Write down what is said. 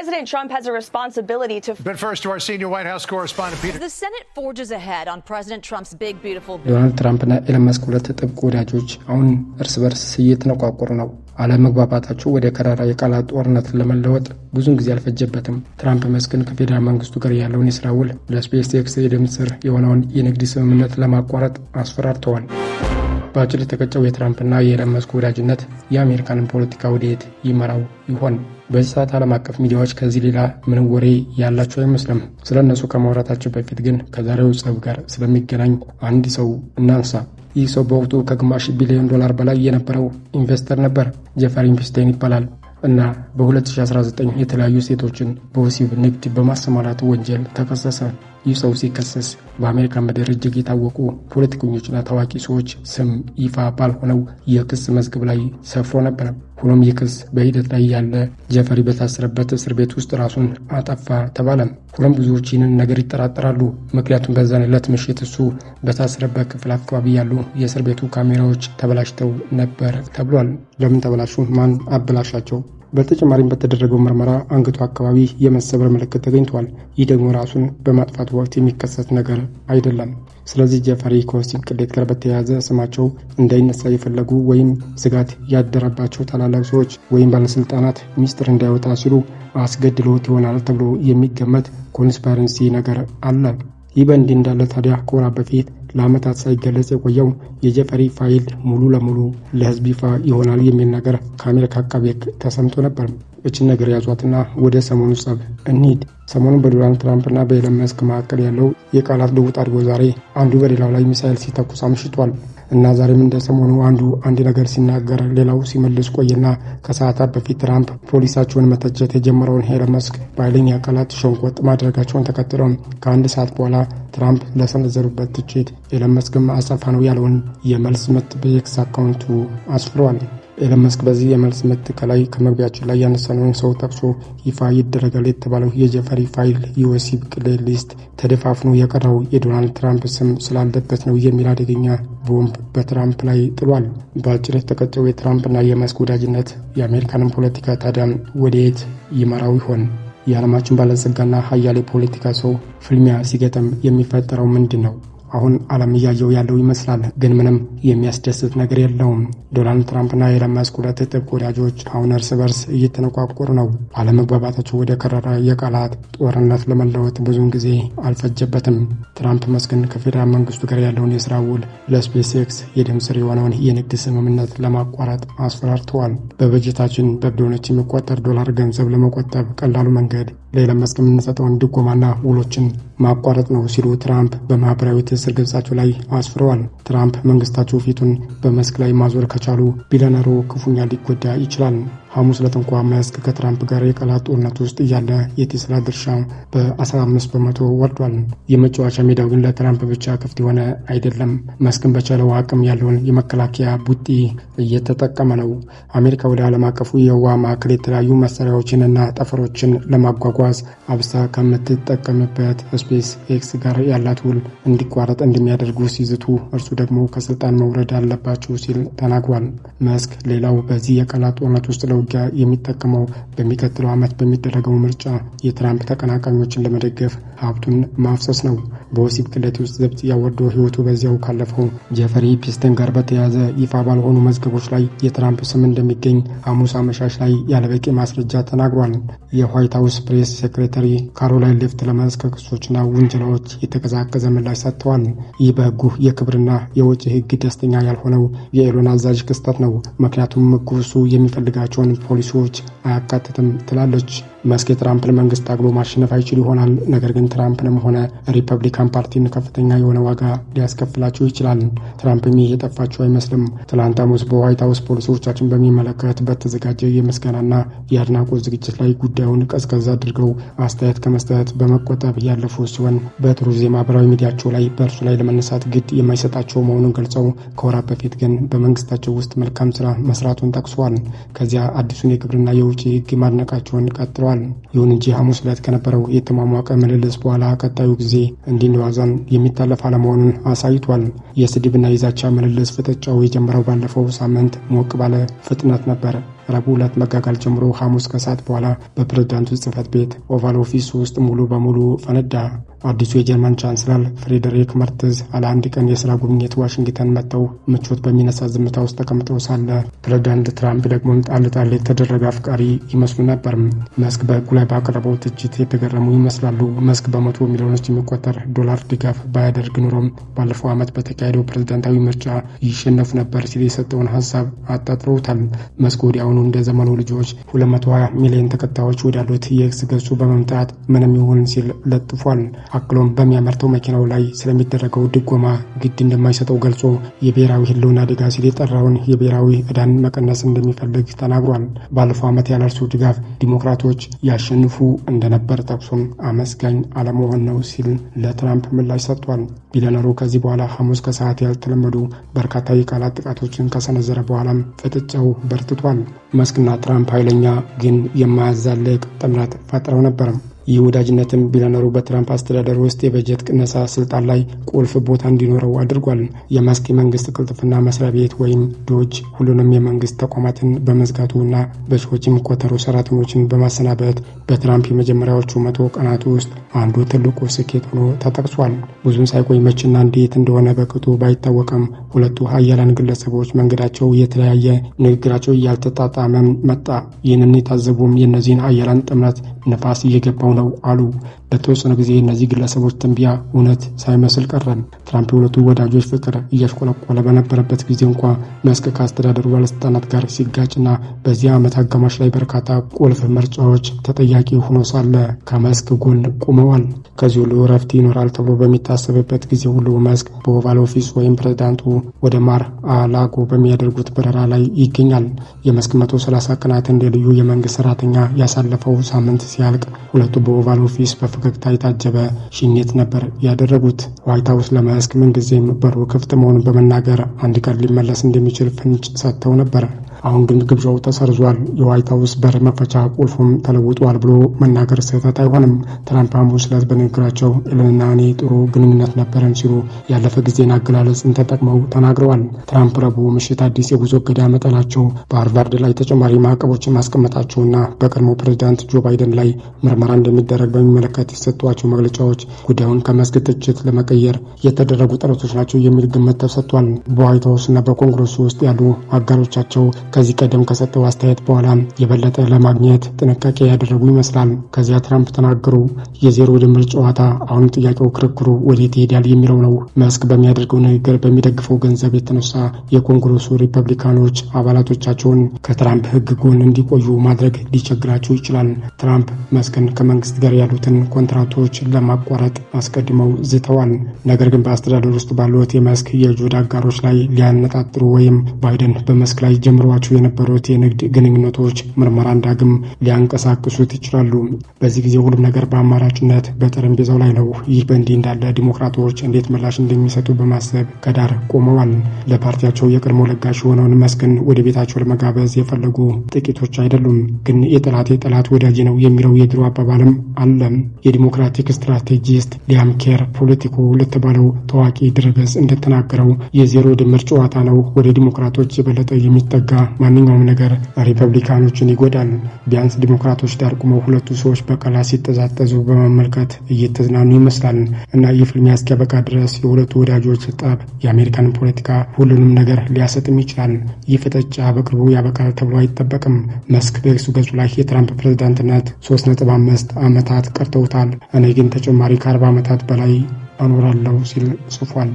President Trump has a responsibility to. But first, to our senior White House correspondent, Peter. The Senate forges ahead on President Trump's big, beautiful. ዶናልድ ትራምፕና ኢለን መስክ ሁለት ጥብቅ ወዳጆች አሁን እርስ በርስ እየተነቋቆሩ ነው። አለመግባባታቸው ወደ ከራራ የቃላት ጦርነት ለመለወጥ ብዙን ጊዜ አልፈጀበትም። ትራምፕ መስክን ከፌዴራል መንግስቱ ጋር ያለውን የስራ ውል ለስፔስ ኤክስ የደም ስር የሆነውን የንግድ ስምምነት ለማቋረጥ አስፈራርተዋል። በአጭር የተቀጨው የትራምፕና የኤለን መስክ ወዳጅነት የአሜሪካንን ፖለቲካ ወዴት ይመራው ይሆን? በዚህ ሰዓት ዓለም አቀፍ ሚዲያዎች ከዚህ ሌላ ምንም ወሬ ያላቸው አይመስልም። ስለ እነሱ ከማውራታቸው በፊት ግን ከዛሬው ጸብ ጋር ስለሚገናኝ አንድ ሰው እናንሳ። ይህ ሰው በወቅቱ ከግማሽ ቢሊዮን ዶላር በላይ የነበረው ኢንቨስተር ነበር። ጀፈር ኢንቨስቴን ይባላል እና በ2019 የተለያዩ ሴቶችን በወሲብ ንግድ በማሰማራት ወንጀል ተከሰሰ። ይህ ሰው ሲከሰስ በአሜሪካ ምድር እጅግ የታወቁ ፖለቲከኞችና ታዋቂ ሰዎች ስም ይፋ ባልሆነው የክስ መዝገብ ላይ ሰፍሮ ነበር። ሆኖም ይህ ክስ በሂደት ላይ ያለ ጀፈሪ በታሰረበት እስር ቤት ውስጥ ራሱን አጠፋ ተባለ። ሆኖም ብዙዎች ይህንን ነገር ይጠራጠራሉ። ምክንያቱም በዛን ዕለት ምሽት እሱ በታሰረበት ክፍል አካባቢ ያሉ የእስር ቤቱ ካሜራዎች ተበላሽተው ነበር ተብሏል። ለምን ተበላሹ? ማን አበላሻቸው? በተጨማሪም በተደረገው ምርመራ አንገቱ አካባቢ የመሰበር ምልክት ተገኝቷል። ይህ ደግሞ ራሱን በማጥፋት ወቅት የሚከሰት ነገር አይደለም። ስለዚህ ጀፈሪ ከወሲብ ቅሌት ጋር በተያያዘ ስማቸው እንዳይነሳ የፈለጉ ወይም ስጋት ያደረባቸው ታላላቅ ሰዎች ወይም ባለስልጣናት ሚስጥር እንዳይወጣ ሲሉ አስገድሎት ይሆናል ተብሎ የሚገመት ኮንስፓረንሲ ነገር አለ። ይህ በእንዲህ እንዳለ ታዲያ ከወራት በፊት ለዓመታት ሳይገለጽ የቆየው የጀፈሪ ፋይል ሙሉ ለሙሉ ለሕዝብ ይፋ ይሆናል የሚል ነገር ከአሜሪካ አቃቤ ሕግ ተሰምቶ ነበር። እችን ነገር ያዟትና ወደ ሰሞኑ ጸብ እንሂድ። ሰሞኑን በዶናልድ ትራምፕና በኤለን መስክ መካከል ያለው የቃላት ልውውጥ አድጎ ዛሬ አንዱ በሌላው ላይ ሚሳይል ሲተኩስ አምሽቷል። እና ዛሬም እንደ ሰሞኑ አንዱ አንድ ነገር ሲናገር ሌላው ሲመልስ ቆይና ከሰዓታት በፊት ትራምፕ ፖሊሳቸውን መተቸት የጀመረውን ሄለን መስክ በኃይለኛ ቃላት ሸንቆጥ ማድረጋቸውን ተከትለው ከአንድ ሰዓት በኋላ ትራምፕ ለሰነዘሩበት ትችት ሄለን መስክም አጸፋ ነው ያለውን የመልስ ምት በኤክስ አካውንቱ አስፍሯል። ኤለን መስክ በዚህ የመልስ ምት ከላይ ከመግቢያችን ላይ ያነሳነውን ሰው ጠቅሶ ይፋ ይደረጋል የተባለው የጀፈሪ ፋይል ዩኤስቢ ቅሌ ሊስት ተደፋፍኖ የቀረው የዶናልድ ትራምፕ ስም ስላለበት ነው የሚል አደገኛ ቦምብ በትራምፕ ላይ ጥሏል። በአጭር የተቀጨው የትራምፕና የመስክ ወዳጅነት የአሜሪካንን ፖለቲካ ታዲያም ወደየት ይመራው ይሆን? የዓለማችን ባለጸጋና ሀያሌ ፖለቲካ ሰው ፍልሚያ ሲገጥም የሚፈጠረው ምንድን ነው? አሁን ዓለም እያየው ያለው ይመስላል። ግን ምንም የሚያስደስት ነገር የለውም። ዶናልድ ትራምፕና ኤለን መስክ ሁለት ጥብቅ ወዳጆች አሁን እርስ በርስ እየተነቋቁር ነው። አለመግባባታቸው ወደ ከረራ የቃላት ጦርነት ለመለወጥ ብዙውን ጊዜ አልፈጀበትም። ትራምፕ መስክን ከፌዴራል መንግስቱ ጋር ያለውን የስራ ውል ለስፔስ ኤክስ የደም ስር የሆነውን የንግድ ስምምነት ለማቋረጥ አስፈራርተዋል። በበጀታችን በቢሊዮኖች የሚቆጠር ዶላር ገንዘብ ለመቆጠብ ቀላሉ መንገድ ለኤለን መስክ የምንሰጠውን ድጎማና ውሎችን ማቋረጥ ነው ሲሉ ትራምፕ በማህበራዊ ትስስር ገጻቸው ላይ አስፍረዋል። ትራምፕ መንግስታቸው ፊቱን በመስክ ላይ ማዞር ከቻሉ ቢሊዮነሩ ክፉኛ ሊጎዳ ይችላል። ሐሙስ ዕለት እንኳ መስክ ከትራምፕ ጋር የቃላት ጦርነት ውስጥ እያለ የቴስላ ድርሻ በ15 በመቶ ወርዷል። የመጫወቻ ሜዳው ግን ለትራምፕ ብቻ ክፍት የሆነ አይደለም። መስክን በቻለው አቅም ያለውን የመከላከያ ቡጢ እየተጠቀመ ነው። አሜሪካ ወደ ዓለም አቀፉ የውሃ ማዕከል የተለያዩ መሳሪያዎችን ጠፈሮችን ለማጓጓ ለመጓዝ አብሳ ከምትጠቀምበት ስፔስ ኤክስ ጋር ያላት ውል እንዲቋረጥ እንደሚያደርጉ ሲዝቱ እርሱ ደግሞ ከስልጣን መውረድ አለባቸው ሲል ተናግሯል። መስክ ሌላው በዚህ የቃላት ጦርነት ውስጥ ለውጊያ የሚጠቀመው በሚቀጥለው ዓመት በሚደረገው ምርጫ የትራምፕ ተቀናቃኞችን ለመደገፍ ሀብቱን ማፍሰስ ነው። በወሲብ ቅሌት ውስጥ ዘብጥ ወርዶ ህይወቱ በዚያው ካለፈው ጀፈሪ ፒስተን ጋር በተያያዘ ይፋ ባልሆኑ መዝገቦች ላይ የትራምፕ ስም እንደሚገኝ ሐሙስ አመሻሽ ላይ ያለበቂ ማስረጃ ተናግሯል። የዋይት ሀውስ ፕሬስ ሴክሬታሪ ካሮላይን ሌፍት ለመስክ ክሶችና ውንጀላዎች የተቀዛቀዘ ምላሽ ሰጥተዋል። ይህ በህጉ የክብርና የወጪ ህግ ደስተኛ ያልሆነው የኤሎን አዛዥ ክስተት ነው። ምክንያቱም ክሱ የሚፈልጋቸውን ፖሊሲዎች አያካትትም ትላለች መስክ የትራምፕን መንግስት ታግሎ ማሸነፍ አይችል ይሆናል። ነገር ግን ትራምፕንም ሆነ ሪፐብሊካን ፓርቲን ከፍተኛ የሆነ ዋጋ ሊያስከፍላቸው ይችላል። ትራምፕም ይህ የጠፋቸው አይመስልም። ትላንት ሐሙስ በዋይት ሀውስ ፖሊሲዎቻችን በሚመለከት በተዘጋጀ የምስጋናና የአድናቆት ዝግጅት ላይ ጉዳዩን ቀዝቀዝ አድርገው አስተያየት ከመስጠት በመቆጠብ ያለፉ ሲሆን በትሩዝ የማህበራዊ ሚዲያቸው ላይ በእርሱ ላይ ለመነሳት ግድ የማይሰጣቸው መሆኑን ገልጸው ከወራት በፊት ግን በመንግስታቸው ውስጥ መልካም ስራ መስራቱን ጠቅሷል። ከዚያ አዲሱን የግብርና የውጭ ህግ ማድነቃቸውን ቀጥለዋል። ተናግረዋል። ይሁን እንጂ ሐሙስ ዕለት ከነበረው የተሟሟቀ ምልልስ በኋላ ቀጣዩ ጊዜ እንዲንዋዛን የሚታለፍ አለመሆኑን አሳይቷል። የስድብና የዛቻ ምልልስ ፍጥጫው የጀመረው ባለፈው ሳምንት ሞቅ ባለ ፍጥነት ነበር። ረቡዕ ዕለት መጋጋል ጀምሮ ሐሙስ ከሰዓት በኋላ በፕሬዝዳንቱ ጽህፈት ቤት ኦቫል ኦፊስ ውስጥ ሙሉ በሙሉ ፈነዳ። አዲሱ የጀርመን ቻንስለር ፍሬዴሪክ መርትዝ አለአንድ ቀን የስራ ጉብኝት ዋሽንግተን መጥተው ምቾት በሚነሳ ዝምታ ውስጥ ተቀምጠው ሳለ ፕሬዚዳንት ትራምፕ ደግሞ ጣል ጣል የተደረገ አፍቃሪ ይመስሉ ነበር። መስክ በህጉ ላይ ባቀረበው ትችት የተገረሙ ይመስላሉ። መስክ በመቶ ሚሊዮኖች የሚቆጠር ዶላር ድጋፍ ባያደርግ ኑሮም ባለፈው ዓመት በተካሄደው ፕሬዚዳንታዊ ምርጫ ይሸነፉ ነበር ሲል የሰጠውን ሀሳብ አጣጥረውታል። መስክ ወዲያው አሁኑ እንደ ዘመኑ ልጆች 220 ሚሊዮን ተከታዮች ወዳሉት የኤክስ ገጹ በመምጣት ምንም ይሁን ሲል ለጥፏል። አክሎም በሚያመርተው መኪናው ላይ ስለሚደረገው ድጎማ ግድ እንደማይሰጠው ገልጾ የብሔራዊ ህልውና አደጋ ሲል የጠራውን የብሔራዊ ዕዳን መቀነስ እንደሚፈልግ ተናግሯል። ባለፈው ዓመት ያለርሱ ድጋፍ ዲሞክራቶች ያሸንፉ እንደነበር ጠቅሶም አመስጋኝ አለመሆን ነው ሲል ለትራምፕ ምላሽ ሰጥቷል። ቢሊዮነሩ ከዚህ በኋላ ሐሙስ ከሰዓት ያልተለመዱ በርካታ የቃላት ጥቃቶችን ከሰነዘረ በኋላም ፍጥጫው በርትቷል። መስክና ትራምፕ ኃይለኛ ግን የማያዛልቅ ጥምረት ፈጥረው ነበርም። ይህ ወዳጅነትም ቢለነሩ በትራምፕ አስተዳደር ውስጥ የበጀት ቅነሳ ስልጣን ላይ ቁልፍ ቦታ እንዲኖረው አድርጓል። የማስክ የመንግስት ቅልጥፍና መስሪያ ቤት ወይም ዶጅ ሁሉንም የመንግስት ተቋማትን በመዝጋቱ እና በሺዎች የሚቆጠሩ ሰራተኞችን በማሰናበት በትራምፕ የመጀመሪያዎቹ መቶ ቀናት ውስጥ አንዱ ትልቁ ስኬት ሆኖ ተጠቅሷል። ብዙም ሳይቆይ መችና እንዴት እንደሆነ በቅጡ ባይታወቅም ሁለቱ ሀያላን ግለሰቦች መንገዳቸው የተለያየ፣ ንግግራቸው እያልተጣጣመም መጣ። ይህንን የታዘቡም የእነዚህን ሀያላን ጥምረት ነፋስ እየገባው ነው አሉ። በተወሰኑ ጊዜ እነዚህ ግለሰቦች ትንቢያ እውነት ሳይመስል ቀረም። ትራምፕ የሁለቱ ወዳጆች ፍቅር እያሽቆለቆለ በነበረበት ጊዜ እንኳ መስክ ከአስተዳደሩ ባለስልጣናት ጋር ሲጋጭና በዚህ ዓመት አጋማሽ ላይ በርካታ ቁልፍ ምርጫዎች ተጠያቂ ሆኖ ሳለ ከመስክ ጎን ቆመዋል። ከዚህ ሁሉ እረፍት ይኖራል ተብሎ በሚታሰብበት ጊዜ ሁሉ መስክ በኦቫል ኦፊስ ወይም ፕሬዚዳንቱ ወደ ማር አላጎ በሚያደርጉት በረራ ላይ ይገኛል። የመስክ 130 ቀናት እንደ ልዩ የመንግስት ሰራተኛ ያሳለፈው ሳምንት ሲያልቅ ሁለቱ በኦቫል ኦፊስ በፈገግታ የታጀበ ሽኝት ነበር ያደረጉት። ዋይት ሀውስ ለመስክ ምንጊዜም በሩ ክፍት መሆኑን በመናገር አንድ ቀን ሊመለስ እንደሚችል ፍንጭ ሰጥተው ነበር። አሁን ግን ግብዣው ተሰርዟል፣ የዋይት ሀውስ በር መፈቻ ቁልፉም ተለውጧል ብሎ መናገር ስህተት አይሆንም። ትራምፕ ሐሙስ ዕለት በንግግራቸው ኤለንና እኔ ጥሩ ግንኙነት ነበረን ሲሉ ያለፈ ጊዜን አገላለጽን ተጠቅመው ተናግረዋል። ትራምፕ ረቡዕ ምሽት አዲስ የጉዞ እገዳ መጠላቸው፣ በሃርቫርድ ላይ ተጨማሪ ማዕቀቦችን ማስቀመጣቸውና በቀድሞ ፕሬዚዳንት ጆ ባይደን ላይ ምርመራ እንደሚደረግ በሚመለከት የሰጧቸው መግለጫዎች ጉዳዩን ከመስክ ትችት ለመቀየር የተደረጉ ጥረቶች ናቸው የሚል ግምት ተሰጥቷል። በዋይት ሀውስና በኮንግረሱ ውስጥ ያሉ አጋሮቻቸው ከዚህ ቀደም ከሰጠው አስተያየት በኋላ የበለጠ ለማግኘት ጥንቃቄ ያደረጉ ይመስላል። ከዚያ ትራምፕ ተናገሩ። የዜሮ ድምር ጨዋታ አሁን ጥያቄው ክርክሩ ወዴት ይሄዳል የሚለው ነው። መስክ በሚያደርገው ንግግር በሚደግፈው ገንዘብ የተነሳ የኮንግረሱ ሪፐብሊካኖች አባላቶቻቸውን ከትራምፕ ሕግ ጎን እንዲቆዩ ማድረግ ሊቸግራቸው ይችላል። ትራምፕ መስክን ከመንግስት ጋር ያሉትን ኮንትራቶች ለማቋረጥ አስቀድመው ዝተዋል። ነገር ግን በአስተዳደር ውስጥ ባሉት የመስክ የጁድ አጋሮች ላይ ሊያነጣጥሩ ወይም ባይደን በመስክ ላይ ጀምረዋል ሲያደርጓቸው የነበሩት የንግድ ግንኙነቶች ምርመራ ዳግም ሊያንቀሳቅሱት ይችላሉ። በዚህ ጊዜ ሁሉም ነገር በአማራጭነት በጠረጴዛው ላይ ነው። ይህ በእንዲህ እንዳለ ዲሞክራቶች እንዴት ምላሽ እንደሚሰጡ በማሰብ ከዳር ቆመዋል። ለፓርቲያቸው የቀድሞ ለጋሽ የሆነውን መስክን ወደ ቤታቸው ለመጋበዝ የፈለጉ ጥቂቶች አይደሉም። ግን የጠላቴ ጠላት ወዳጅ ነው የሚለው የድሮ አባባልም አለም። የዲሞክራቲክ ስትራቴጂስት ሊያም ኬር ፖለቲኮ ለተባለው ታዋቂ ድረገጽ እንደተናገረው የዜሮ ድምር ጨዋታ ነው ወደ ዲሞክራቶች የበለጠ የሚጠጋ ማንኛውም ነገር ሪፐብሊካኖችን ይጎዳል። ቢያንስ ዲሞክራቶች ዳር ቁመው ሁለቱ ሰዎች በቀላ ሲጠዛጠዙ በመመልከት እየተዝናኑ ይመስላል እና ይህ ፍልሚያ እስኪያበቃ ድረስ የሁለቱ ወዳጆች ጠብ የአሜሪካን ፖለቲካ ሁሉንም ነገር ሊያሰጥም ይችላል። ይህ ፍጥጫ በቅርቡ ያበቃል ተብሎ አይጠበቅም። መስክ በኤክስ ገጹ ላይ የትራምፕ ፕሬዝዳንትነት 3.5 ዓመታት ቀርተውታል፣ እኔ ግን ተጨማሪ ከ40 ዓመታት በላይ አኖራለሁ ሲል ጽፏል።